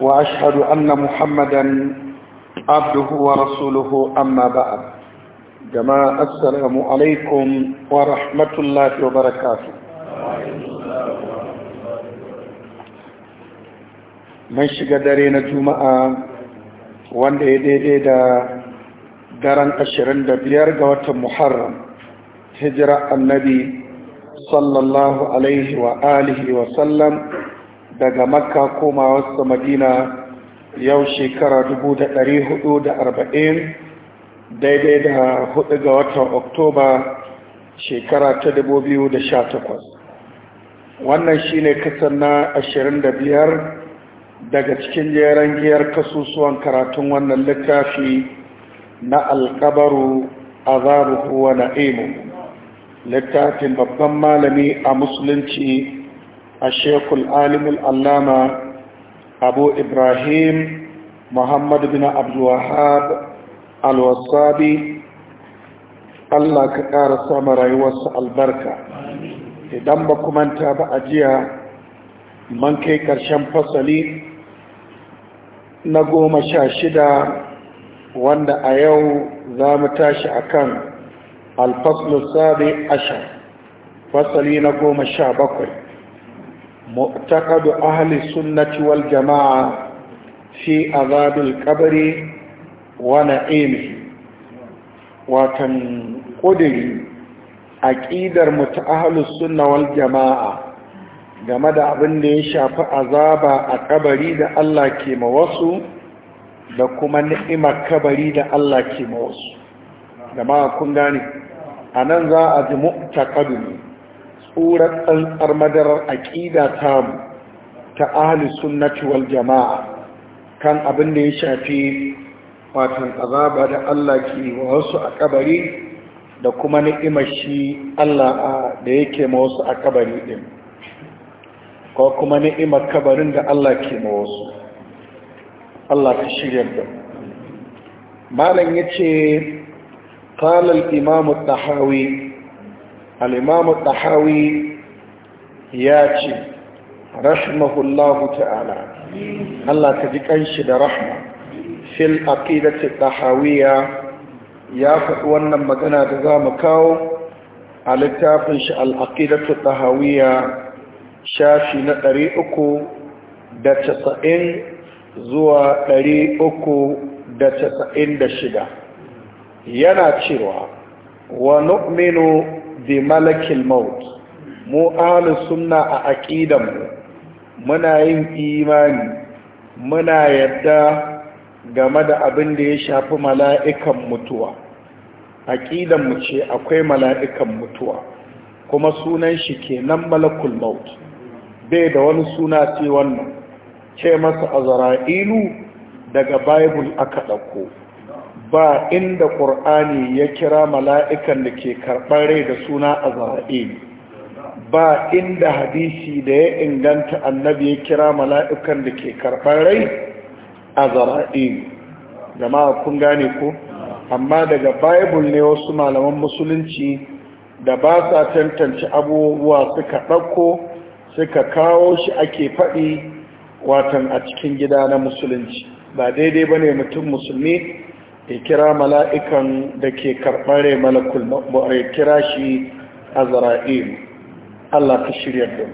وأشهد أن محمدا عبده ورسوله أما بعد جماعة السلام عليكم ورحمة الله وبركاته من shiga dare na juma'a wanda ya daidai da daren biyar ga watan muharram hijira annabi sallallahu alaihi wa alihi wa sallam daga makka koma wasu madina yau shekara arba'in daidai da hudu ga watan oktoba shekara ta takwas. wannan shi ne kasar na biyar daga cikin jeren giyar kasusuwan karatun wannan littafi na alkabaru zaruhu wa na'imu littafin babban malami a musulunci الشيخ العالم العلامة أبو إبراهيم محمد بن عبد الوهاب الوصابي الله كقار سامر يوسع البركة إذن بكم أنت بأجيا من كي كرشم فصلي نقوم شاشدا وأن أيو ذا متاش أكان الفصل السابع عشر فصلي نقوم الشابقين معتقد أهل السنة والجماعة في عذاب القبر ونعيمه وتنقدر aƙidar mu ta sunna wal jama'a game da abin da ya shafi azaba a kabari da Allah ke ma wasu da kuma ni'imar kabari da Allah ke ma wasu da ma kun a nan za a ji mu'takadu ne tsoron ɗan madarar aƙida tamu ta ahli sunnati wal jama'a kan abin da ya shafi watan azaba da Allah ke wa wasu a kabari da kuma ni'imar shi Allah da yake ma wasu a kabari ɗin, ko kuma ni'imar kabarin da Allah ke ma wasu Allah ta shirya da malam ya ce al Imamu at al'imamu ɗahawi ya ce rahimahullahu ta'ala Allah ka ji ƙanshi da rahma fil aqidatit ɗahawiya ya faɗi wannan magana da za mu kawo a littafin shi al'aqidatul ɗahawiya shafi na ɗari uku da casa'in zuwa ɗari uku da casa'in da shida yana cewa wa nu'minu bi malakil maut mu ahlus sunna a aqidan mu muna yin imani muna yadda game da abin da ya shafi mala'ikan mutuwa aqidan mu ce akwai mala'ikan mutuwa kuma sunan shi kenan malakul maut bai da wani suna ce wannan ce masa azra'ilu daga bible aka dauko ba inda ƙur'ani ya kira mala'ikan da ke karɓar rai da suna a ba inda hadisi da ya inganta annabi ya kira mala'ikan da ke karɓar rai a jama'a kun gane ku amma daga bible ne wasu malaman musulunci da ba sa tantance abubuwa suka ɗauko suka kawo shi ake faɗi watan a cikin gida na musulunci ba daidai ba ne mutum musulmi ya kira mala'ikan da ke karɓare malakul ma'ubuwa ya kira shi a zara'il Allah ka shirya da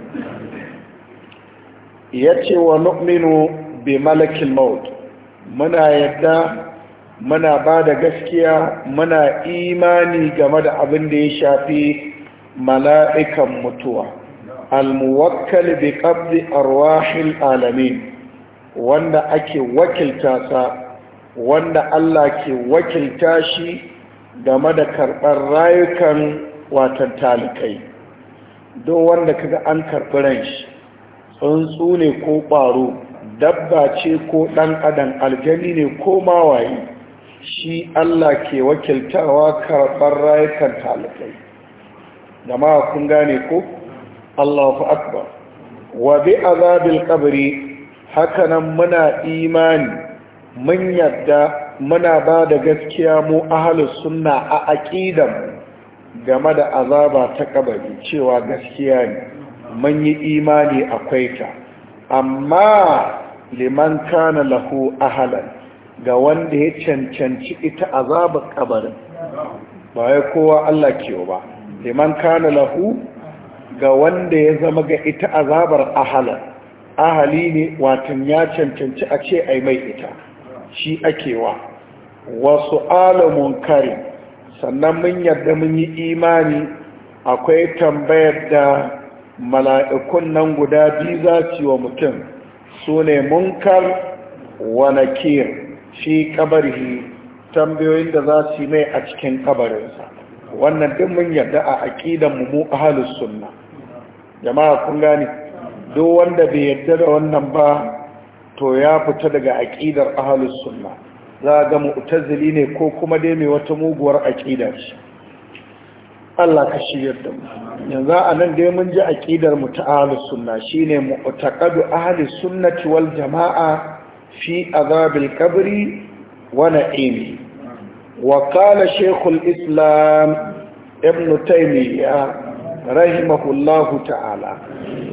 ya ce wa nu'minu bi malakil maut muna yadda muna ba da gaskiya muna imani game da abin da ya shafi mala'ikan mutuwa almuwakkal bi qabdi arwahil alamin wanda ake wakilta sa wanda Allah ke wakilta shi game da karɓar rayukan watan talikai don wanda kaga an karɓi ran shi tsuntsu ne ko ɓaru, dabba ce ko ɗan adam aljani ne ko mawaye shi Allah ke wakiltawa karɓar rayukan talikai jama'a kun gane ko Allahu akbar wa bi azabil qabri hakanan muna imani mun yadda muna ba da gaskiya mu ahalus sunna a aƙidan game da azaba ta kabari cewa gaskiya ne mun yi imani akwai ta amma liman kana lahu ahalan ga wanda ya cancanci ita azabar kabarin ba ya kowa Allah kewa ba liman kana lahu ga wanda ya zama ga ita azabar ahalan ahali ne watan ya cancanci a ce ai mai ita shi akewa wasu alamun kari sannan mun yadda mun yi imani akwai tambayar da mala'ikun nan guda biyu za wa mutum su ne munkar wa nakir shi kabari tambayoyin da za su yi mai a cikin kabarinsa wannan duk mun yadda a aƙidan mu ahlus sunna jama'a kun gane duk wanda bai yarda da wannan ba to ya fita daga aƙidar ahalus sunna za a ga mu'tazili ne ko kuma dai mai wata muguwar aƙidar shi. Allah ka shigar da mu yanzu a nan dai mun ji aƙidar mu ta ahalus sunna shine mu'taqadu ahalus sunnati wal jama'a fi azabil qabri wa na'imi wa qala shaykhul islam ibn taymiyyah rahimahullahu ta'ala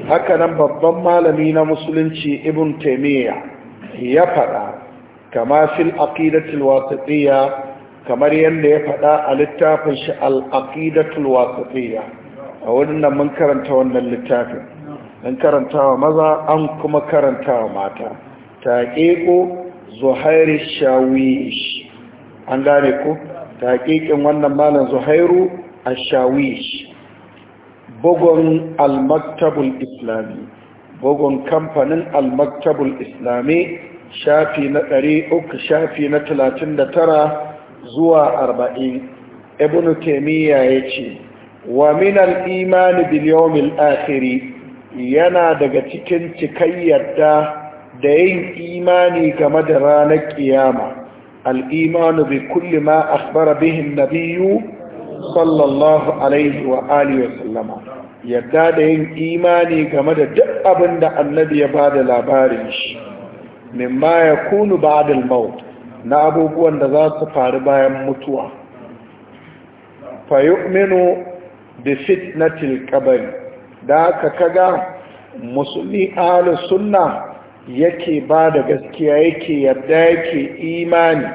hakanan babban malami na musulunci ibn taimiyya ya fada kama fil aqidatul wasatiyya kamar yadda ya fada a littafin shi al-aqidatul wasatiyya a wannan mun karanta wannan littafin an karantawa maza an kuma karantawa mata taqiqu zuhairi shawish an gane ko taqiqin wannan malam zuhairu ash-shawish bugun almaktabul islami bugun kamfanin almaktabul islami shafi na 300 shafi na 39 zuwa 40 ibn taymiya yace wa min al-iman bil yawm al-akhir yana daga cikin cikayyar da yin imani game da ranar kiyama al-iman bi kulli ma akhbara bihi an-nabiyyu sallallahu wa alihi wa sallama yadda da yin imani game da duk abin da annabi ya ba labarin shi mimma ya kunu ba'dal maut na abubuwan da za su faru bayan mutuwa fa yu'minu bi fitnatil qabr da ka kaga musulmi ala sunna yake ba da gaskiya yake yadda yake imani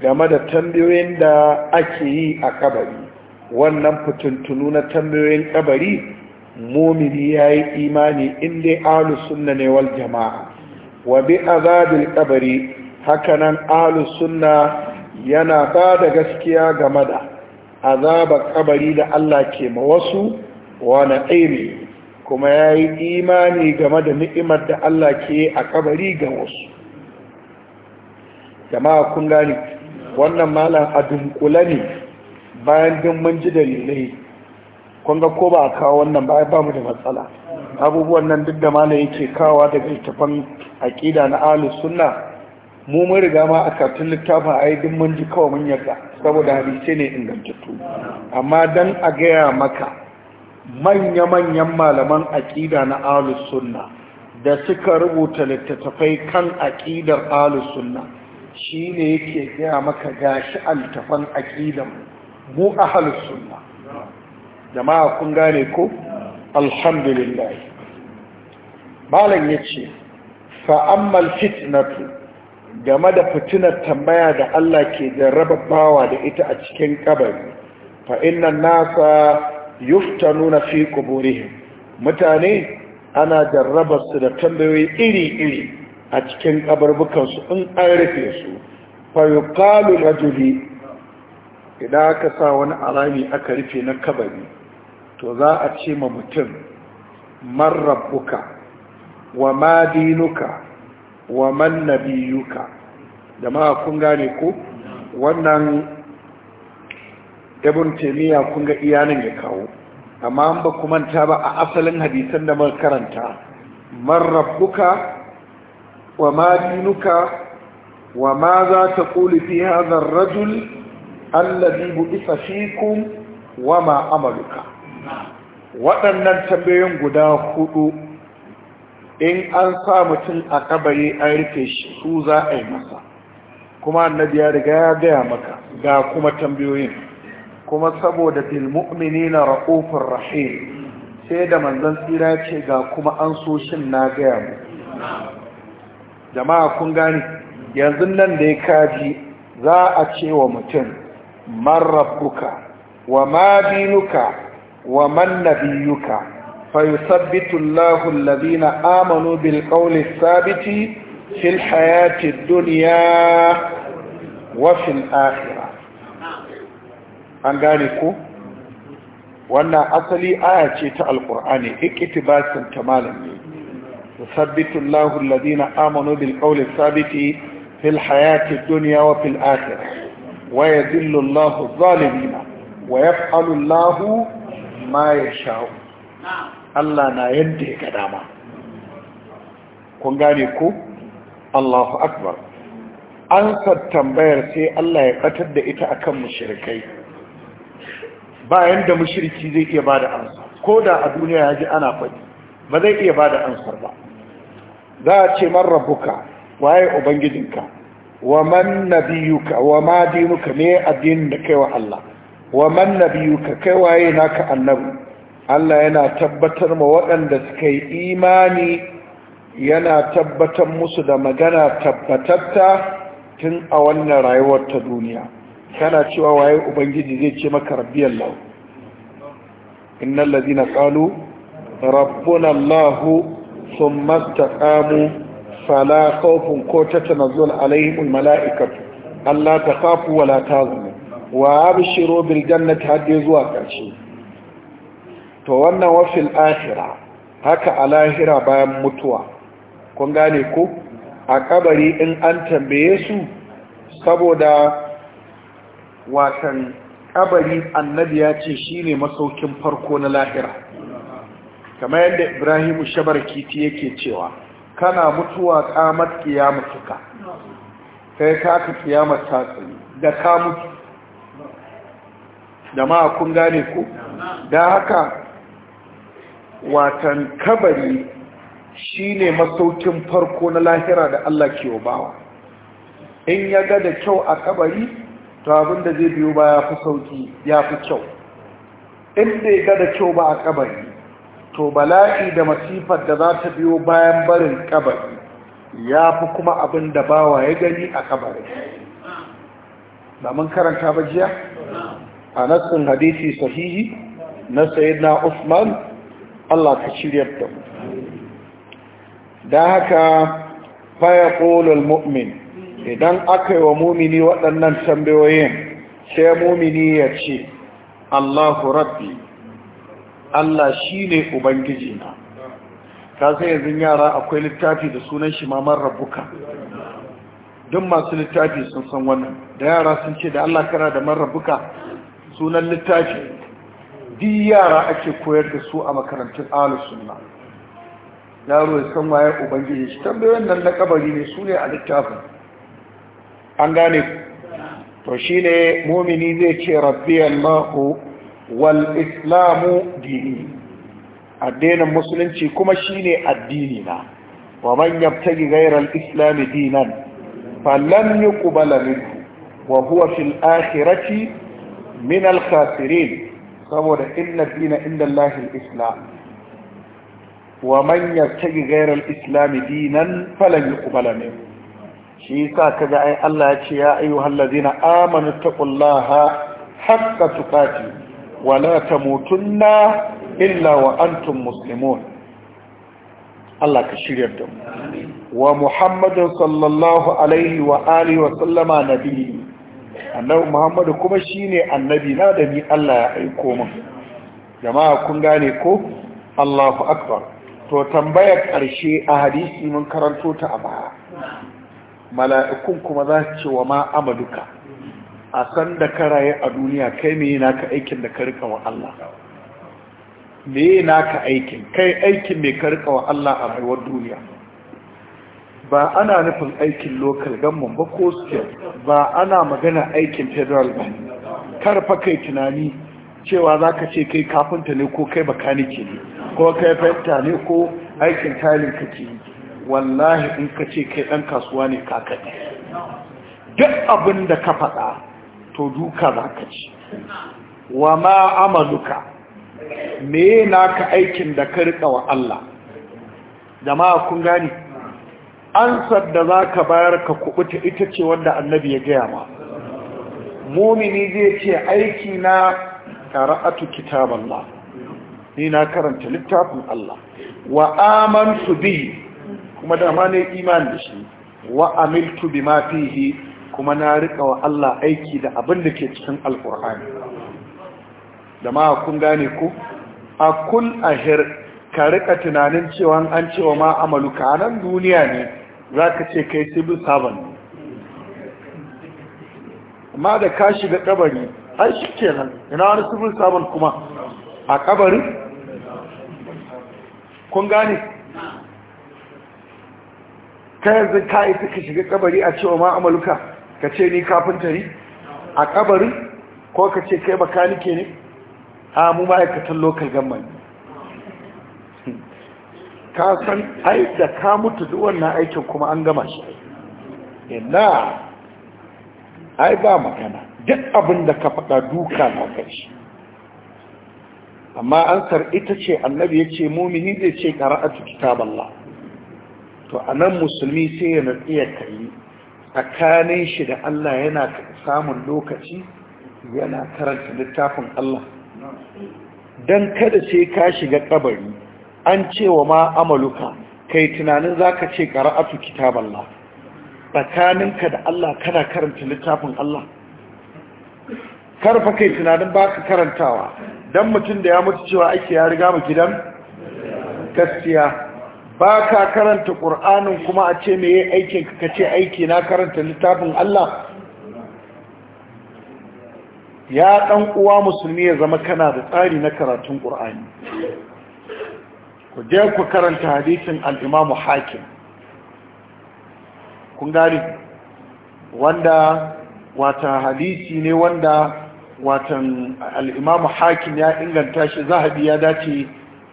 game da tambayoyin da ake yi a kabari wannan fitintunu na tambayoyin kabari mumini ya yi imani in dai alu sunna ne wal jama'a wa bi azabil kabari hakanan ahlus sunna yana ba da gaskiya game da azabar kabari da Allah ke ma wasu wa na'imi kuma ya yi imani game da ni'imar da Allah ke a kabari ga wasu jama'a kun gani wannan malam a dunkula ne bayan din mun ji dalilai kun ga ko ba a kawo wannan ba ba mu da matsala abubuwan nan duk da malam yake kawa daga littafin aƙida na ahli sunna mu mun riga ma a karatun littafin ai duk mun ji kawai mun yarda saboda hadisi ne ingantattu amma dan a gaya maka manya-manyan malaman aƙida na ahli sunna da suka rubuta littattafai kan aƙidar ahli sunna shine yake gaya maka gashi altafan aqidan mu ahli sunna jama'a kun gane ko alhamdulillah malam ya ce fa'ammal fitnatu game da fitinar tambaya da Allah ke jarraba bawa da ita a cikin kabari fa'innan nasa yufta nuna fi kuburihim mutane ana jarraba su da tambayoyi iri-iri a cikin kabarbukansu in an rufe su Fa fayukalu rajuli idan aka sa wani alami aka rufe na kabari to za a ce ma mutum man wa ma dinuka wa man nabiyuka jama'a kun gane ku. wannan ibn taymiya kun ga iyanin ya kawo amma an ba manta ba a asalin hadisan da muka karanta man wa ma dinuka wa ma za ta kuli fi hadha ar-rajul alladhi bu'itha fikum wa ma amaluka waɗannan tambayoyin guda hudu in an sa mutum a kabari an rufe shi su za a yi masa kuma annabi ya riga ya gaya maka ga kuma tambayoyin kuma saboda bil mu'minina ra'ufur rahim sai da manzon tsira ce ga kuma an so shin na gaya mu jama'a kun gani yanzu nan da ya kaji za a ce wa mutum marrabuka wa ma dinuka Wa نبيك فيثبت الله الذين آمنوا wannan asali aya ce ta alkur'ani ikitibasin tamalan ne yusabbitu Allahu alladhina amanu bil qawli thabiti fil hayati dunya wa fil akhirah wa yadhillu Allahu adh-dhalimin wa yaf'alu Allahu ma ya sha'u Allah na yadda ya ga dama kun gane ku Allahu akbar an tambayar sai Allah ya batar da ita akan mushrikai bayan da mushriki zai iya bada ansa ko da a duniya ya ji ana faɗi ba zai iya bada ansar ba za a ce man rabbuka waye ubangijinka wa man nabiyuka wa ma dinuka ne addinin da kai wa Allah wa man nabiyuka kai waye naka annabi Allah yana tabbatar ma waɗanda suka yi imani yana tabbatar musu da magana tabbatatta tun a wannan rayuwar ta duniya kana cewa waye ubangiji zai ce maka rabbi Allah innal ladina qalu rabbuna Allah thumma istaqamu fala khawfun ko tatanzul alaihim almalaikatu alla takhafu wala la wa abshiru bil jannati ya zuwa karshe to wannan wa fil akhirah haka a lahira bayan mutuwa kun gane ko a kabari in an tambaye su saboda watan kabari annabi ya ce shine masaukin farko na lahira kamar yadda Ibrahim shabarkiti Kiti yake cewa kana mutuwa kamar kiyamatuka kai ka ka kiyamar ta da ka mutu jama'a kun gane ku da haka watan kabari shine masaukin farko na lahira da Allah ke bawa in ya ga da kyau a kabari to abin da zai biyo ba ya fi sauki ya fi kyau in bai ga da kyau ba a kabari to bala'i da masifar da za ta biyo bayan barin kabari ya fi kuma abinda bawa ya gani a kabari ba mun karanta ba jiya a nassin hadisi sahihi na sayyidina Usman Allah ka shirya ta. da haka faya ƙolul mu'min idan aka yi wa mumini waɗannan tambayoyin sai mumini ya ce allahu rabbi allah shi ne na. ka sai yanzu yara akwai littafi da sunan shi mamar rabuka duk masu littafi sun san wannan da yara sun ce da allah kana da man rabuka sunan littafi duk yara ake koyar da su a makarantun ahlus sunna yaro ya san waye ubangiji shi tambayoyin nan na kabari ne su ne a littafin an gane to ne mumini zai ce rabbi allahu wal islamu dini addinin musulunci kuma shine addini na wa man yabtagi ghayra al dinan falan yuqbala minhu wa huwa fil ahiraci. Minal al-khasirin saboda inna dina inda Allah islam wa man yattaji ghayra al-islam dinan falan yuqbala min shi yasa kaga ai Allah ya ce ya ayyuhal ladina amanu taqullaha haqqa tuqati wa la tamutunna illa wa antum Allah ka shirya wa sallallahu alaihi wa sallama nabiyyi annabi muhammadu kuma shine annabi na da ni Allah ya aiko min jama'a kun gane ko Allahu akbar to tambayar ƙarshe a hadisi mun karanto ta a baya mala'ikun kuma za su ce wa ma amaduka a san da ka raye a duniya kai me naka aikin da ka rika wa Allah me naka aikin kai aikin me ka rika wa Allah a rayuwar duniya ba ana nufin aikin local government ba ko state ba ana magana aikin federal ba kar fa kai tunani cewa za ka ce kai kafinta ne ko kai bakanike ne ko kai fenta ne ko aikin talin ke yi wallahi in ka ce kai ɗan kasuwa ne kakadi. duk abin da ka faɗa to duka za ka ci wa ma amaluka me naka aikin da ka riƙa wa Allah jama'a kun gani ansar da za ka bayar ka kubuta ita ce wanda annabi ya gaya ma mumini zai ce aiki na kara'atu kitaballah ni na karanta littafin Allah wa su bi kuma da ma ne Iman da shi wa amiltu ma fihi kuma na rika wa Allah aiki da abin da ke cikin alƙur'ani da ma kun gane ku a kun ahir ka rika tunanin cewa an cewa ma ka nan duniya ne za ka ce kai civil servant amma da ka shiga kabari ai shi ke nan ina wani civil servant kuma a kabari kun gane ta yanzu ka yi suka shiga kabari a cewa ma amaluka ka ce ni kafintari a kabari ko ka ce kai makanike ne a mu ma'aikatan local government ka san ai da ka mutu duk wannan aikin kuma an gama shi ina ai ba magana duk abin da ka faɗa duka na kai amma ansar ita ce annabi ya ce mumini zai ce ƙara'atu Allah to a nan musulmi sai ya natsi ya kalli tsakanin shi da Allah yana samun lokaci yana karanta littafin Allah don kada sai ka shiga kabari an ce wa ma amaluka kai tunanin zaka ce qara'atu kitaballah tsakaninka da Allah kana karanta littafin Allah karfa kai tunanin baka karantawa dan mutum da ya mutu cewa ake ya riga mu gidan gaskiya baka karanta qur'anin kuma a ce meye aikin ka kace aiki na karanta littafin Allah ya ɗan uwa musulmi ya zama kana da tsari na karatun qur'ani ku je ku karanta hadisin al'imamu hakim kun gari wanda wata hadisi ne wanda watan al'imamu hakim ya inganta shi zahabi ya dace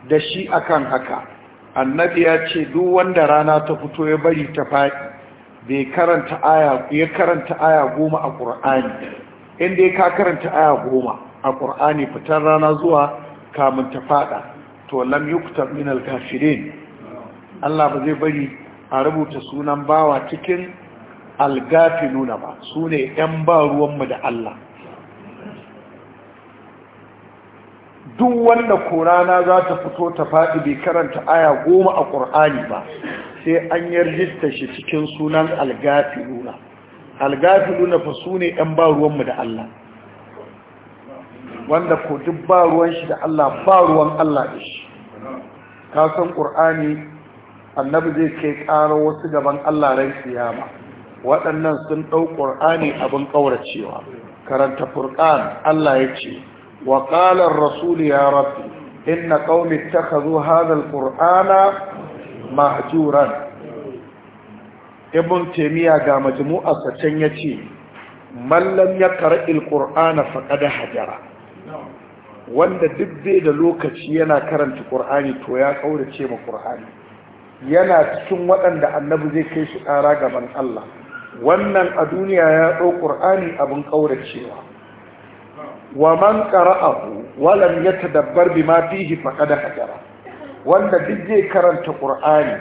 da shi akan haka annabi ya ce duk wanda rana ta fito ya bari ta faɗi bai karanta aya ya karanta aya goma a ƙur'ani inda ya ka karanta aya goma a ƙur'ani fitar rana zuwa kamun ta faɗa to lam yuktab min al-kafirin Allah ba zai bari a rubuta sunan bawa cikin al-gafiluna ba sune yan ba ruwan mu da Allah duk wanda korana za ta fito ta faɗi bai karanta aya goma a ƙur'ani ba sai an yarjista shi cikin sunan al-gafiluna al-gafiluna fa sune yan ba ruwan mu da Allah wanda ko duk ba ruwan shi da Allah ba ruwan Allah da shi ka san qur'ani annabi zai kai ƙara wasu gaban Allah ran waɗannan sun ɗau ƙur'ani abin ƙauracewa karanta furqan Allah ya ce wa qala ar ya rabbi inna qaumi ittakhadhu hadha al-qur'ana mahjuran ibn taimiyya ga majmu'a sa can yace mallam ya yaqra al-qur'ana da hajara wanda duk zai da lokaci yana karanta ƙur'ani to ya ƙaurace ma ƙur'ani yana cikin waɗanda annabi zai kai shi ƙara gaban Allah wannan a duniya ya ɗau ƙur'ani abin kauracewa. wa man qara'ahu wa lam yatadabbar bima fihi faqad hajara wanda duk zai karanta ƙur'ani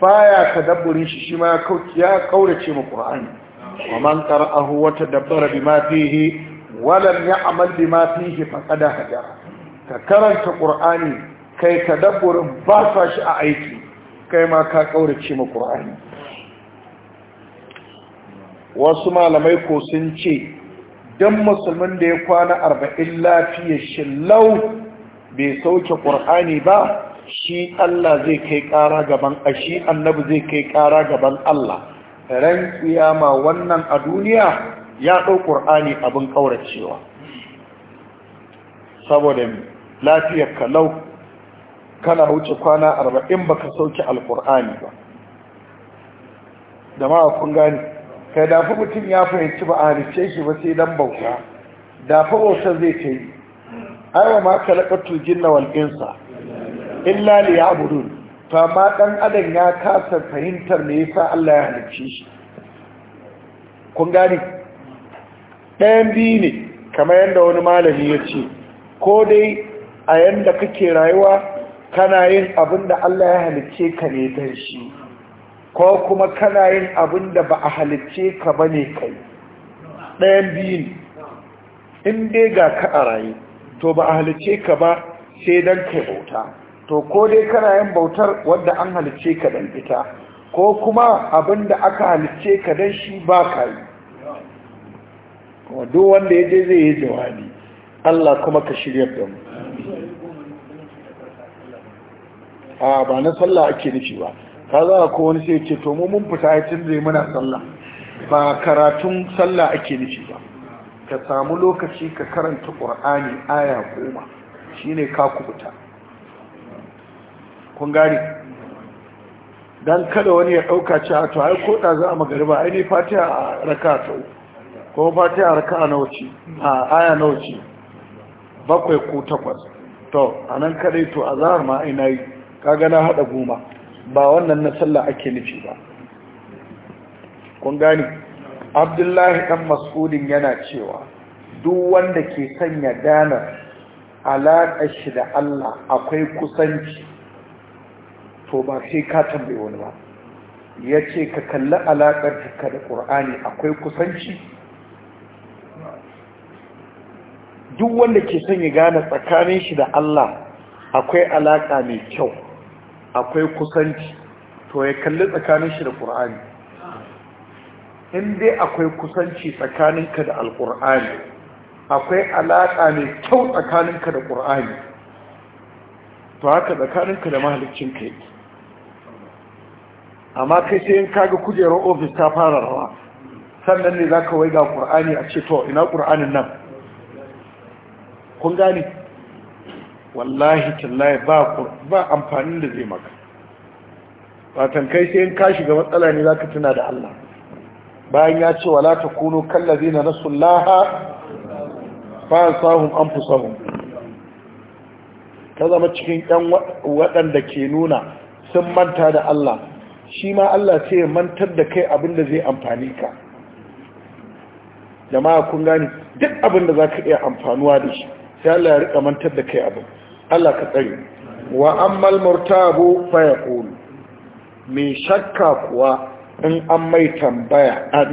baya tadabburin shi shi ma ya ƙaurace ma ƙur'ani wa man qara'ahu wa tadabbara bima fihi walam ya amal bima fihi faqada hajara ka karanta qur'ani kai tadabburin ba sa shi a aiki kai ma ka kaurace ma qur'ani wasu malamai ko sun ce dan musulmin da ya kwana 40 lafiya shi lau bai sauke qur'ani ba shi Allah zai kai ƙara gaban shi annabi zai kai ƙara gaban Allah ran kiyama wannan a duniya ya ɗau ƙur'ani abin ƙauracewa saboda lafiyar kalau kana wuce kwana arba'in baka sauke alƙur'ani ba da ma kun gani kai dafi mutum ya fahimci ba a halice shi ba sai dan bauta dafi bautar zai ta yi aiwa ma kalakatu jinna wal insa ya abu ya'budun to amma ɗan adam ya kasa fahimtar me yasa Allah ya halicce shi kun gani ɗayan biyu ne kamar yadda wani malami ya ce ko dai a yadda kake rayuwa kana yin abin da Allah ya halicce ka ne don shi ko kuma kana yin abin da ba a halicce ka ba ne kai ɗayan biyu ne in dai ga ka a raye to ba a halicce ka ba sai don kai bauta to ko dai kana yin bautar wadda an halicce ka don ita ko kuma abin da aka halicce ka don shi ba ka yi kuma duk wanda ya je zai yi jawabi Allah kuma ka shirya da mu a ba na sallah ake nufi ba ka za a kowane sai ce to mu mun fita ya zai muna sallah ba karatun sallah ake nufi ba ka samu lokaci ka karanta ƙur'ani aya goma ne ka kubuta kun gane don kada wani ya ɗauka cewa to ai ko za a magariba ai ne fatiha a raka ta uku ko fatiha raka'a nawa ce a aya nauci bakwai ko takwas to a nan kaɗai to a ma ina yi kaga na haɗa goma ba wannan na sallah ake nufi ba kun gani abdullahi ɗan mas'udin yana cewa duk wanda ke sanya danar alaƙa shi da Allah akwai kusanci to ba sai ka tambaye wani ba ya ce ka kalli alaƙar ka da ƙur'ani akwai kusanci duk wanda ke son ya gane tsakanin shi da Allah akwai alaka mai kyau akwai kusanci to ya kalli tsakanin shi da Qur'ani in dai akwai kusanci tsakaninka da Alƙur'ani akwai alaka mai kyau tsakaninka da Qur'ani to haka tsakaninka da mahaliccin yake amma kai sai in kaga kujerar ofis ta fara rawa sannan ne zaka waiga Qur'ani a ce to ina Qur'anin nan kun gane wallahi tallahi ba ba amfanin da zai maka fatan kai sai in ka shiga matsala ne zaka tuna da Allah bayan ya ce wala takunu kallazina nasullaha fa sahum anfusahum ta zama cikin yan waɗanda ke nuna sun manta da Allah shi ma Allah ce ya mantar da kai abin da zai amfani ka jama'a kun gani duk abinda da zaka iya amfanuwa da shi sai Allah ya rika mantar da kai abin Allah ka tsare wa ammal murtabu fa yaqul me shakka kuwa in an mai tambaya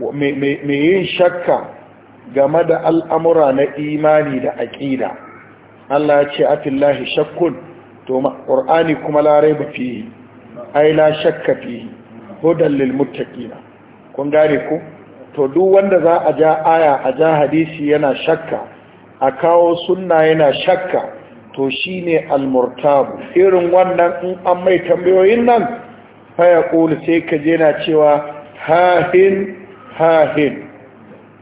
me yin shakka game da al'amura na imani da aƙida Allah ya ce afillahi shakkun to qur'ani kuma larai ba fiye ai la shakka fiye hudan lilmuttaƙina kun gane ku to duk wanda za a ja aya a ja hadisi yana shakka a kawo sunna yana shakka to shine almurtabu irin wannan in an mai tambayoyin nan faya ƙoli sai ka jena cewa hahin hahin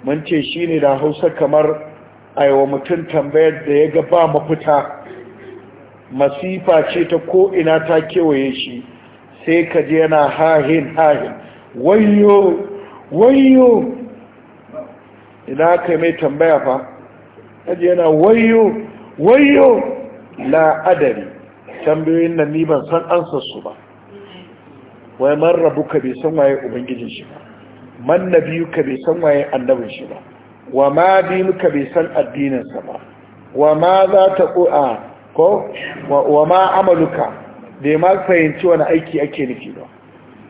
mun ce shi ne da hausa kamar aiwa mutum tambayar da ya ga ba mafita masifa ce ta ko'ina ta kewaye shi sai ka jena yana hahin hahin wayo wayo idan aka mai tambaya fa kaji yana wayo wayo la adari tambayoyin nan ni ban san ansar su ba wai man ka bai san waye ubangijin shi ba man na biyu ka bai san waye annabin shi ba wa ma biyu ka bai san addinin sa ba wa ma za ta ƙo'a ko wa ma amaluka ya ma fahimci wani aiki ake nufi ba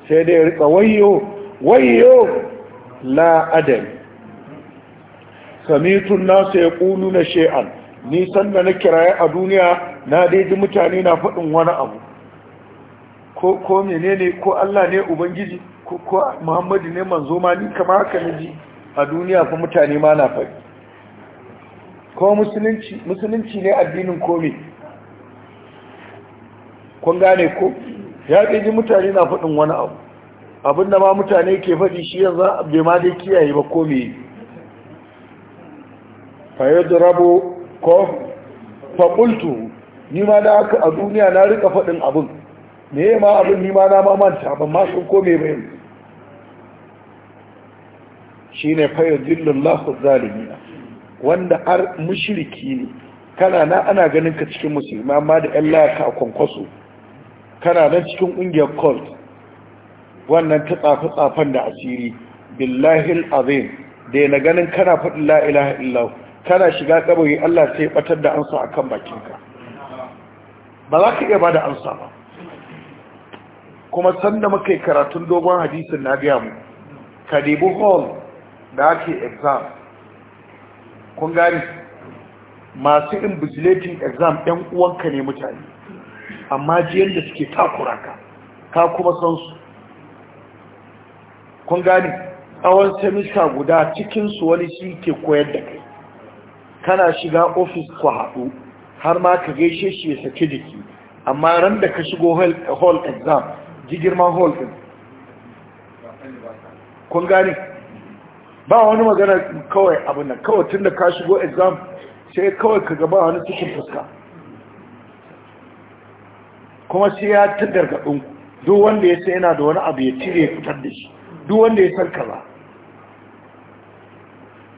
sai dai rika wayo wayo la adari samitun nasu ya ƙulu na she'an nisan da na kiraye a duniya na daidai mutane na faɗin wani abu ko menene ko Allah ne ubangiji ko muhammadu ne manzo ma ni kama haka na ji a duniya fa mutane ma na faɗi ko musulunci ne addinin komi kun gane ko ya daidai mutane na faɗin wani abu abinda ma mutane ke faɗi shi yanzu bai ma dai kiyaye ba komi fa ko fa ni ma da aka a duniya na rika faɗin abun me ma abun ni ma na ma manta ban ma sun ko me bai shine fa wanda har mushriki ne kana na ana ganin ka cikin musulmi amma da Allah a kwankwaso kana na cikin ƙungiyar cult wannan ta tsafa tsafen da asiri billahi azim da yana ganin kana faɗin la'ilaha illahu kana shiga kabari Allah sai batar da ansa kan bakinka ba za ka iya ba da ansa ba kuma sanda muka yi karatun dogon hadisin na gaya mu ka debi hall da ake exam kun gani masu invigilating exam ɗan uwanka ne mutane amma jiyar da suke takura ka kuma san su kun gani tsawon semista guda cikinsu wani shi ke koyar da kai kana shiga ofis ku haɗu har ma ka gaishe shi ya saki jiki amma ran da ka shigo hall exam ji girman hall din. kun gane ba wani magana kawai abin nan kawai tun da ka shigo exam sai kawai ka gaba wani cikin fuska kuma sai ya ta gargaɗin duk wanda ya sai yana da wani abu ya cire ya fitar da shi duk wanda ya san kaza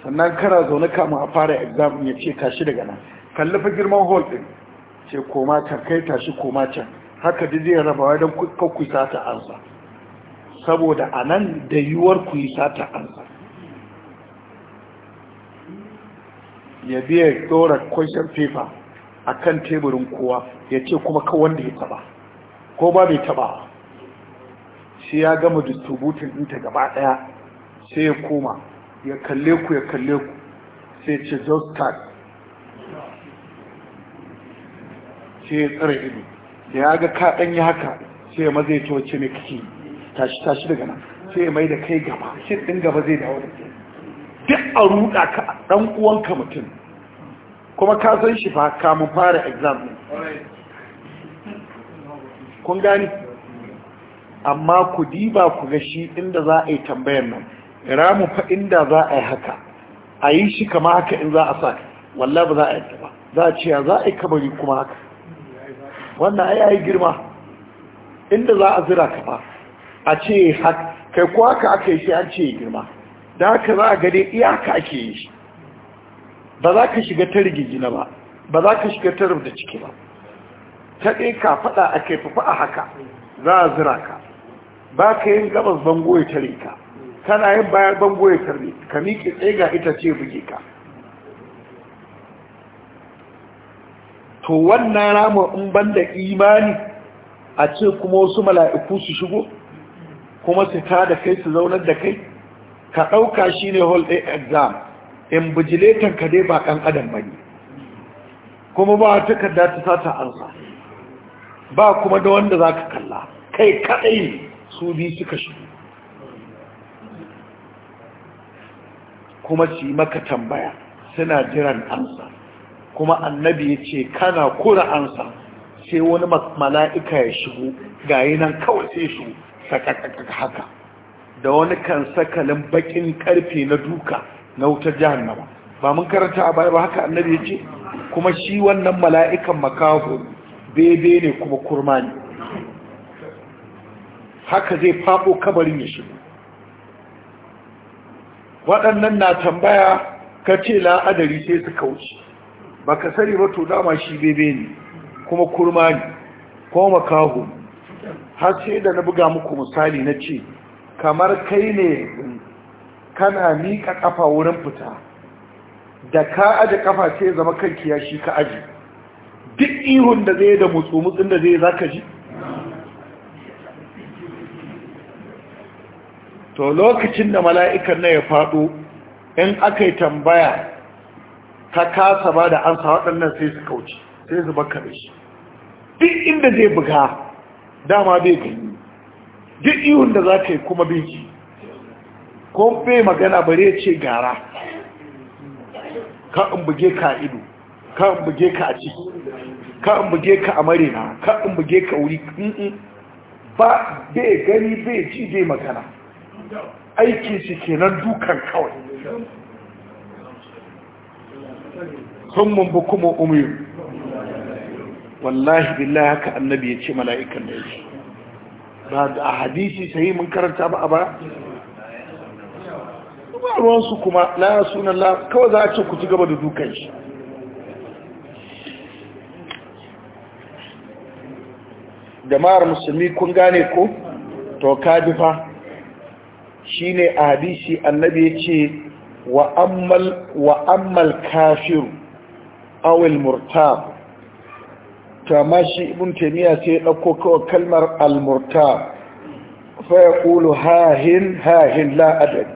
sannan kana zaune kama a fara exam ya ce tashi daga nan kalli fa girman hall din ce koma can kai tashi koma can haka da zai rabawa dan ku sata ansa saboda a nan da yiwuwar ku yi sata ansa ya biya tsora question fefa a kan teburin kowa ya ce kuma kawai da ya taba ko ba bai taba shi ya gama distributin ɗinta gaba ɗaya sai ya koma ya kalle ku ya kalle ku sai ce just start sai ya tsara ido da ya ga ka ɗanyi haka sai ya maza ya ce wacce mai kake tashi tashi daga nan sai ya mai da kai gaba shi ɗin gaba zai dawo da kai duk a ruɗa ka ɗan uwanka mutum kuma ka san shi fa kamun fara exam kun gani amma ku diba ku ga shi inda za a yi tambayar nan ramu fa inda za a yi haka a yi shi kama haka in za a sa walla ba za a yi ba za a ce za a yi yi kuma haka wannan ai ai girma inda za a zira fa, a ce haka kai kuwa haka aka yi shi an ce girma da haka za a gane iyaka ake yi shi ba za ka shiga ta rigigina ba ba za ka shiga ta rubuta ciki ba ta ɗai ka faɗa a kai fafa a haka za a zira ka ba ka yin gabas bango ya tare ka Tana yin bayan bango ya karbe ka miƙe tsaye ga ita ce buge ka to wannan rama in banda imani a ce kuma wasu mala'iku su shigo kuma su ta da kai su zaunar da kai ka ɗauka shi ne hall day exam in bujiletan ka dai ba ƙan adam bane kuma ba takarda ta sata arza, ba kuma da wanda za ka kalla kai kaɗai su biyu suka shigo kuma su yi maka tambaya suna jiran ansa kuma annabi ya ce kana kura ansa sai wani mala'ika ya shigo ga yi nan kawai sai su sakakakaka haka da wani kan sakalin bakin karfe na duka na wutar jahannama ba mun karanta a baya ba haka annabi ya ce kuma shi wannan mala'ikan makaho bebe ne kuma kurma ne haka zai faɓo kabarin ya shigo waɗannan na tambaya ka ce la'adari sai su kauce ba ka sani ba to dama shi bebe ne kuma kurma ne kuma makaho har sai da na buga muku misali na ce kamar kai ne kana miƙa ƙafa wurin fita da ka aje ƙafa sai zama kan kiyashi ka aji duk ihun da zai da mutsu mutsun da zai za ka ji to lokacin da mala'ikan na ya faɗo in aka yi tambaya ta kasa ba da ansa waɗannan sai su kauce sai su baka da shi duk inda zai buga dama bai gani duk ihun da za ka yi kuma bai ji ko bai magana bare ce gara ka in buge ka ido ka in buge ka a ciki ka in buge ka a marina ka in buge ka wuri ba bai gani bai ci, bai magana aikinsu ke kenan dukan kawai sun mumbu kuma umiyu wallahi billahi haka annabi ya ce mala'ikan da yake ba da hadisi sai mun karanta ba a ba ba ruwansu kuma la sunan la kawai za a ce ku ci gaba da dukan shi jama'ar musulmi kun gane ko to ka fa shine a hadisi annabi ya ce wa ammal kafiru awil murtab kama shi ibn taimiyya sai ya ɗauko kawai kalmar al-murtab fa ya ƙulu hahin hahin la'adari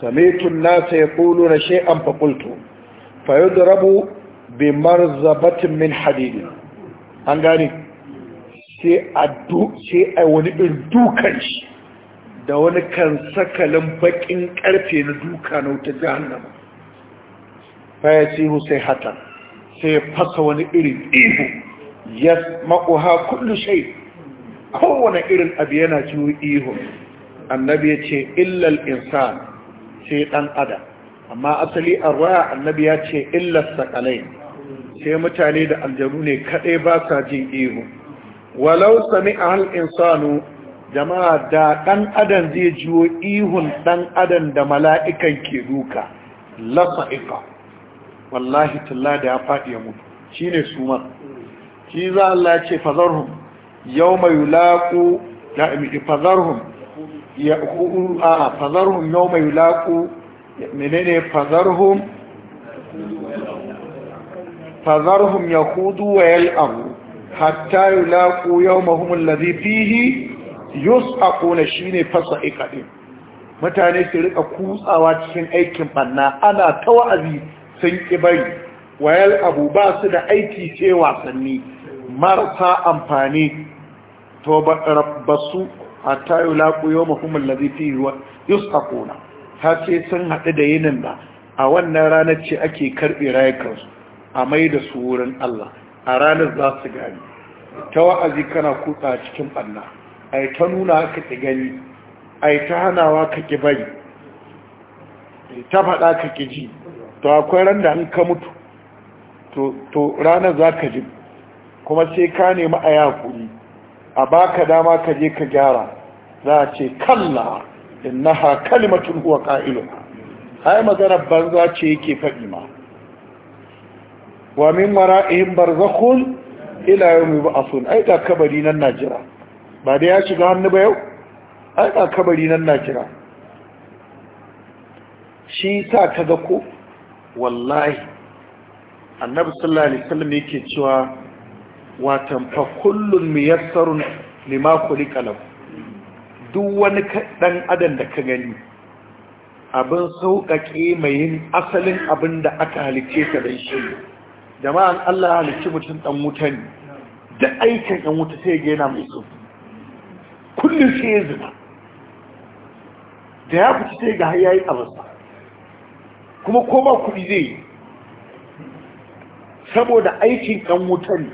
samitun nasa ya ƙulu na shai'an fakultu fa yi rabu bi marzabatin min hadidi an gane sai a wani ɗin dukan shi da wani kan sakalin bakin karfe na duka na wuta jahannama faya sihu sai hatan sai ya fasa wani irin ihu ya maƙuha kullu shai kowane irin abu yana ciwo ihu annabi ya ce illal insan sai ɗan adam amma asali a ruwa annabi ya ce illar sakalai sai mutane da aljanu ne kaɗai ba sa jin ihu walau sami a hal insanu jama'a da ɗan adam zai jiwo ihun ɗan adam da mala'ikan ke duka lafa lasa'ika wallahi talla da ya faɗi ya mutu shi ne su shi za Allah ce fazarhum yau mai yulaƙu da imiki fazarhum ya ƙuru a fazarhum yau mai yulaƙu menene fazarhum fazarhum ya hudu wa yal'amu hatta yulaƙu yau mahimmin lazifihi yus'aquna shine fasa'ika din mutane su rika kutsawa cikin aikin banna ana ta wa'azi sun bari. wayal abu ba su da aiki ce wasanni marasa amfani to rabbasu hatta yulaqu yawmahum alladhi fihi yus'aquna ta ce sun haɗu da yinin da a wannan ranar ce ake karɓe rayukansu a mai da su wurin Allah a ranar za su gani ta wa'azi kana kutsa cikin ɓanna ai ta nuna ka ki gani ai ta hanawa ka ki bari ta faɗa ka ki ji to akwai ran da an ka mutu to ranar za ka ji kuma sai ka nemi a yakuri a baka dama ka je ka gyara za a ce kalla ha kalimatun huwa qa'iluha ai maganar banza ce yake faɗi ma wa min wara'ihim barzakhun ila yawmi ba'thun ai da kabari nan najira ba da ya shiga hannu ba yau ai ka kabari nan na kira shi sa ka ga ko wallahi annabi sallallahu alaihi wasallam yake cewa watan fa kullun miyassarun lima khuliqa lahu duk wani dan adam da ka gani abin sauƙaƙe mai yin asalin abin da aka halice ka da shi jama'an Allah halicci mutum ɗan wuta ne da aikin dan wuta sai ya yana mai sauƙi kullum sai ya zina da ya fita sai ga har yayi abasa kuma ko ba kuɗi zai yi saboda aikin ɗan wuta ne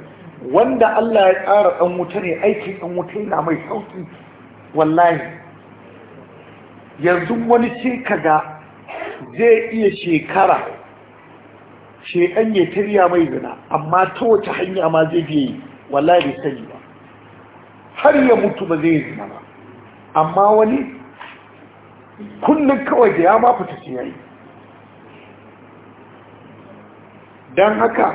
wanda Allah ya ƙara ɗan wuta ne aikin ɗan wuta yana mai sauƙi wallahi yanzu wani ce ga zai iya shekara shekan ya tarya mai zina amma ta wace hanya ma zai biye wallahi bai sani ba har ya mutu ba zai zina ba amma wani kullum kawai da ya ma fita ce yayi don haka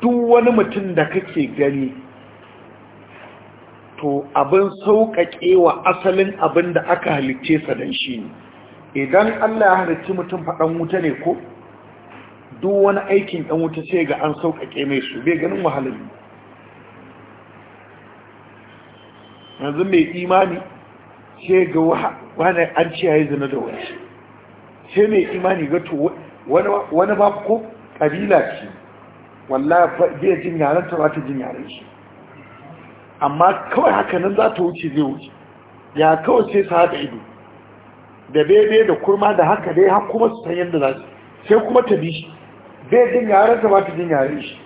duk wani mutum da kake gani to abin sauƙaƙe wa asalin abin da aka halicce sa don shi ne idan Allah ya halicci mutum faɗan wuta ne ko duk wani aikin ɗan wuta sai ga an sauƙaƙe mai su bai ganin wahalar yanzu mai imani ce ga wani an ce ya yi zina da wani ce mai imani ga to wani ba ko kabila ce wallafa zai jin yaren ta ba ta jin yaren shi amma kawai haka nan za ta wuce zai wuce ya kawai sai su haɗa ido da bebe da kurma da haka dai har kuma su san yadda za su sai kuma ta bi shi zai jin yaren ta ba ta jin yaren shi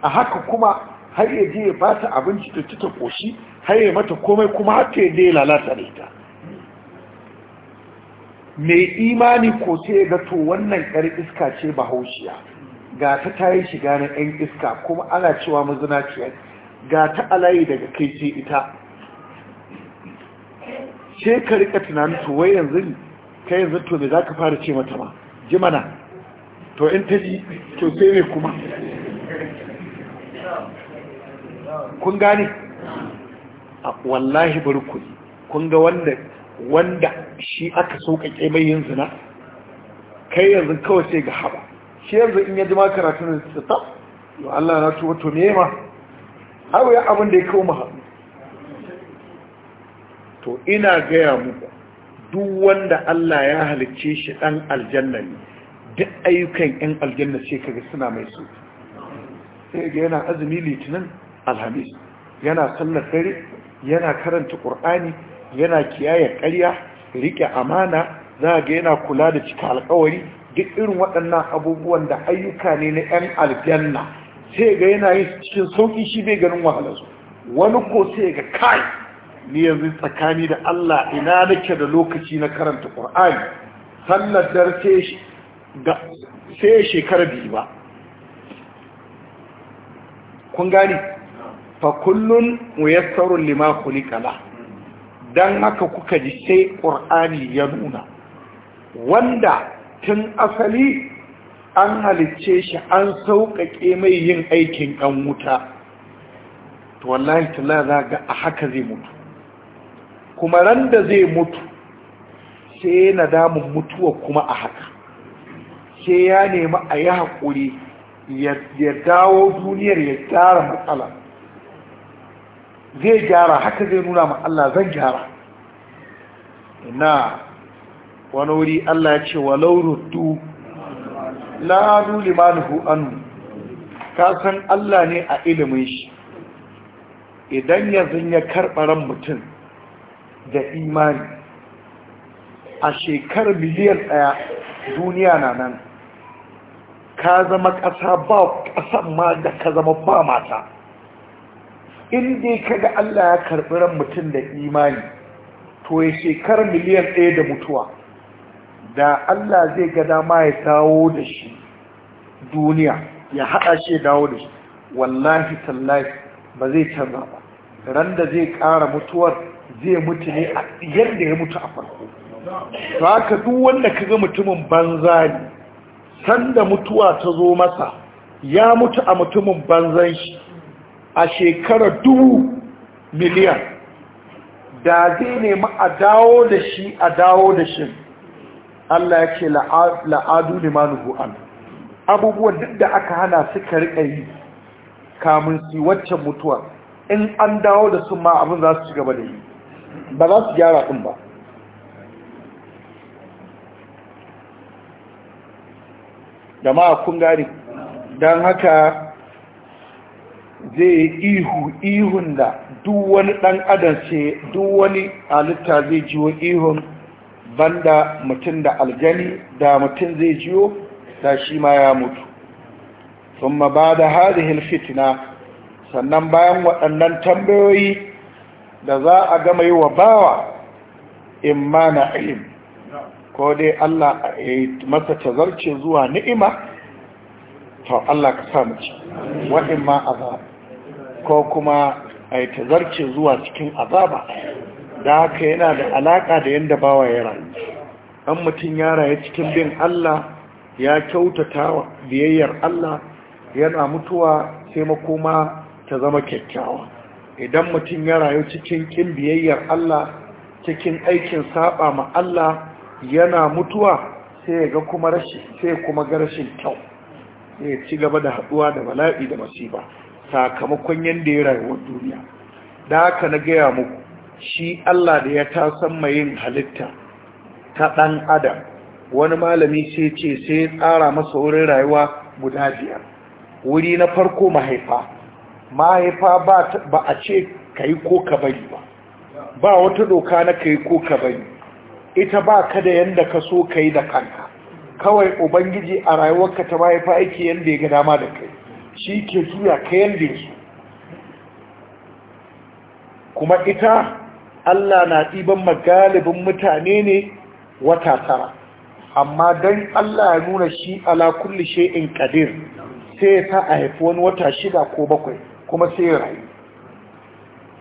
a haka kuma har ya je ya bata abinci ta ci ta koshi har ya mata komai kuma har ta yi lalata da ita mai imani ko sai ga to wannan yar iska ce bahaushiya ga ta yi shiga na yan iska kuma ana cewa mazinaciya ga ta alayi daga kai sai ita ce ka rika tunanin to wai yanzu kai yanzu to me ka fara ce mata ma ji mana to in ta ji to sai mai kuma kun gane wallahi bari kun ga wanda wanda shi aka sauƙaƙe mai yin zina kai yanzu kawai sai ga haba shi yanzu in ya jima karatun da ta yi Allah na tuwa to me ma har ya abin da ya kawo mu haɗu to ina gaya muku duk wanda Allah ya halicce shi ɗan aljanna ne duk ayyukan 'yan aljanna shekaru kaga suna mai su sai ga yana azumi litinin alhamis yana sallar dare yana karanta ƙur'ani yana kiyaye ƙarya rike amana za ga yana kula da cika alkawari duk irin waɗannan abubuwan da ayyuka ne na 'yan aljanna sai ga yana yin cikin sauƙi shi bai ganin wahalarsu wani ko sai ga kai ni yanzu tsakani da Allah ina nake da lokaci na karanta Qur'ani sallar dare sai shekara biyu ba kun gani fa kullun muyassarun lima khuliqa la dan haka kuka ji sai qur'ani ya nuna wanda tun asali an halicce shi an sauƙaƙe mai yin aikin ɗan wuta to wallahi tala za ga a haka zai mutu kuma ran da zai mutu sai ya nadamun mutuwa kuma a haka sai ya nemi a yi haƙuri ya dawo duniyar ya tara matsalar. zai gyara haka zai nuna ma Allah zan gyara na wani wuri Allah ya ce wa laurutu la'adu limanuhu anu ka san Allah ne a ilimin shi idan yanzu ya karɓaran mutum da imani a shekarar miliyan ɗaya duniya na nan ka zama ƙasa ba ƙasan ma da ka zama ba mata in dai kaga Allah ya karɓi ran mutum da imani to ya shekarar miliyan ɗaya da mutuwa da Allah zai ga dama ya dawo da shi duniya ya haɗa shi ya dawo da shi wallahi tallahi ba zai canza ba ran da zai ƙara mutuwar zai mutu ne a yadda ya mutu a farko to haka duk wanda ka ga mutumin banza ne sanda mutuwa ta zo masa ya mutu a mutumin banzan shi a shekarar dubu miliyan da zai nemi a dawo da shi a dawo da shi Allah ya ce la'adu limanuhu an abubuwan duk da aka hana suka riƙa yi kamun su waccan mutuwa in an dawo da su ma abin za su ci gaba da yi ba za su gyara ɗin ba jama'a kun gari don haka zai yi ihu ihun da duk wani ɗan adam ce duk wani halitta zai jiwo ihun banda mutum da aljani da mutum zai jiwo da shi ma ya mutu sun ba da hadihin fitina sannan bayan waɗannan tambayoyi da za a gama yi wa bawa in ma na ilim ko dai Allah a yi masa tazarce zuwa ni'ima to Allah ka samu ci wa'in ma a azab ko kuma a ta zarce zuwa cikin azaba da haka yana da alaƙa da yadda bawa ya rayu an mutum ya rayu cikin bin Allah ya kyautata biyayyar Allah yana mutuwa sai makoma ta zama kyakkyawa idan mutum ya rayu cikin ƙin biyayyar Allah cikin aikin saba ma Allah yana mutuwa sai ga kuma rashin sai kuma ga rashin kyau sai ya ci gaba da haɗuwa da bala'i da masiba. sakamakon yadda ya rayuwar duniya da haka na gaya muku shi Allah da ya tasan mai yin halitta ta ɗan adam wani malami sai ce sai ya tsara masa wurin rayuwa guda biyar wuri na farko mahaifa mahaifa ba a ce ka yi ko ka bari ba ba wata doka na ka yi ko ka bari ita ba ka da yadda ka so ka yi da kanka kawai ubangiji a rayuwarka ta mahaifa yake yadda ya ga dama da kai shi ke zuwa kayan dinsu kuma ita Allah na ɗiban magalibin mutane ne wata tara amma don Allah ya nuna shi ala kulli shay'in ƙadir sai ta a haifi wani wata shida ko bakwai kuma sai ya rayu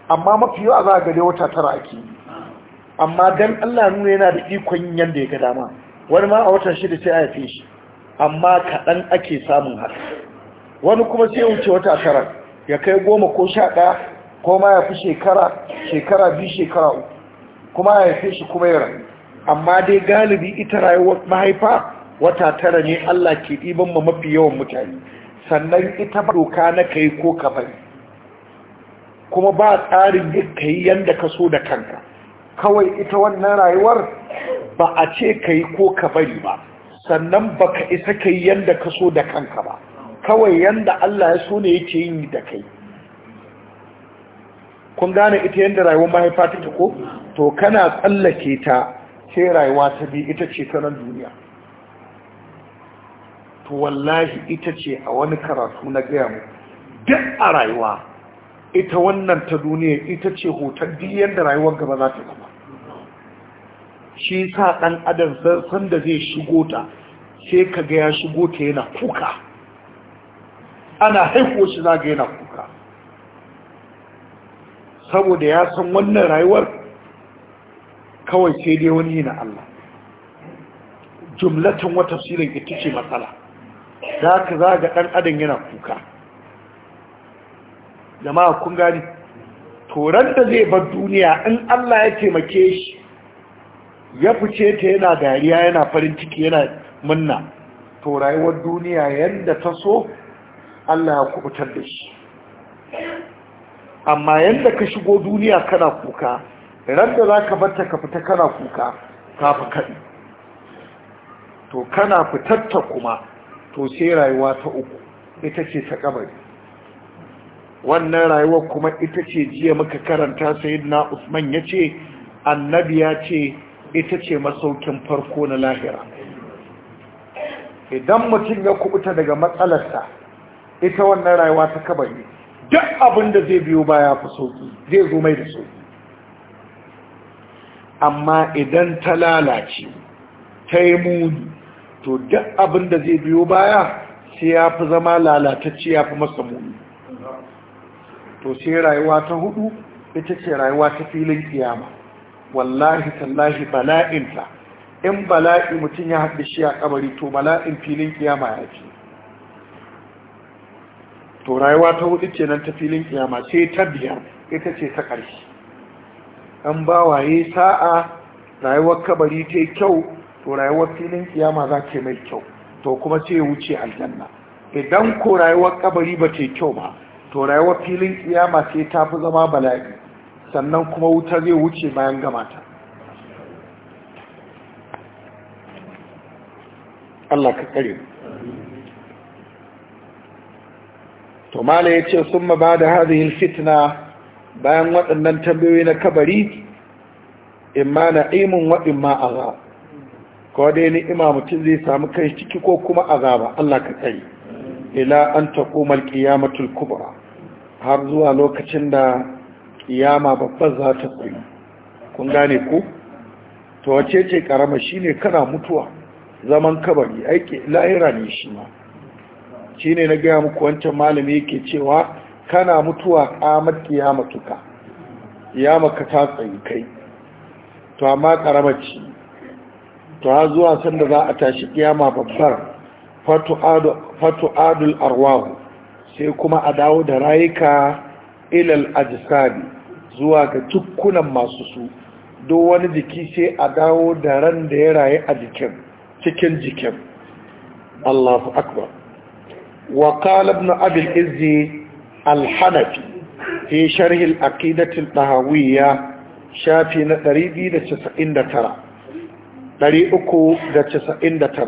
amma mafi yawa za a gade wata tara ake amma don Allah ya nuna yana da ikon yadda ya ga dama wani ma a wata shida sai a haifi shi amma kaɗan ake samun haka wani kuma sai wuce wata tara ya kai goma ko sha ɗaya ko ma ya fi shekara shekara biyu shekara uku kuma ya fi shi kuma ya amma dai galibi ita rayuwar mahaifa wata tara ne Allah ke ɗiban mu mafi yawan mutane sannan ita ba doka na kai ko ka bari kuma ba tsarin yi ka yi yadda ka so da kanka kawai ita wannan rayuwar ba a ce ka yi ko ka bari ba sannan ba ka isa ka yi yadda ka so da kanka ba kawai yanda Allah ya so ne yake yi da kai kun gane ita yanda rayuwar mahaifa ta ko to kana tsallake ta sai rayuwa ta bi ita ce ta nan duniya to wallahi ita ce a wani karatu na gaya mu duk a rayuwa ita wannan ta duniya ita ce hoton duk yanda rayuwar gaba za ta zama shi sa ɗan adam san da zai shigo ta sai ka gaya shigo ta yana kuka ana haifo shi zaga yana kuka saboda ya san wannan rayuwar kawai sai dai wani yi na Allah jumlatin wata tafsirin ita ce matsala za ka zaga ɗan adam yana kuka jama'a kun gani turan da zai bar duniya in Allah ya taimake shi ya fice ta yana dariya yana farin ciki yana manna, to rayuwar duniya yadda ta so Allah ya kubutar da shi amma yadda ka shigo duniya kana kuka ran da za ka bata ka fita kana kuka ka fi kaɗi to kana fitatta kuma to sai rayuwa ta uku ita ce ta kabari wannan rayuwar kuma ita ce jiya muka karanta sai na usman ya ce annabi ya ce ita ce masaukin farko na lahira idan mutum ya kubuta daga matsalarsa ita wannan rayuwa ta kabari duk abin da zai biyo baya fi sauki zai zo mai da sauki amma idan ta lalace ta yi muni to duk abin da zai biyo baya sai ya fi zama lalatacce ya fi masa muni to sai rayuwa ta hudu ita ce rayuwa ta filin kiyama wallahi tallahi bala'inta in bala'i mutum ya haɗe shi a kabari to bala'in filin kiyama ya ce to rayuwa ta hudu nan ta filin kiyama ce ta biyar ita ce ta ƙarshe an waye sa'a rayuwar kabari ta yi kyau to rayuwar filin kiyama za ta mai kyau to kuma ce wuce aljanna idan ko rayuwar kabari ba ta kyau ba to rayuwar filin kiyama ce ta fi zama bala'i sannan kuma wuta zai wuce bayan gamata Allah ka to mala ya ce sun ma ba da hazihin fitna bayan waɗannan tambayoyi na kabari in imma na'imun ma a za ko dai ni, Ima mutum zai samu kai ciki ko kuma a ba, Allah ka tsaye ila an ta al-qiyamatul kubra har zuwa lokacin da kiyama babbar za ta tsaya kun gane ku to wace ce karama shine kana mutuwa zaman kabari aiki lahira ne shi ma ne na gaya muku wancan malami yake cewa kana mutuwa kamar ya maka ta tsayi kai to amma karamaci to har zuwa sanda za a tashi kiyama babbar fatu adul arwahu sai kuma a dawo da rayuka ilal ajisadi zuwa ga tukkunan masu su duk wani jiki sai a dawo da ran da ya rayu a jikin cikin jikin Allahu akbar وقال ابن أبي الإز الحنفي في شرح العقيدة الطهوية شافي نتريدي لتسعين ترى ɗari uku da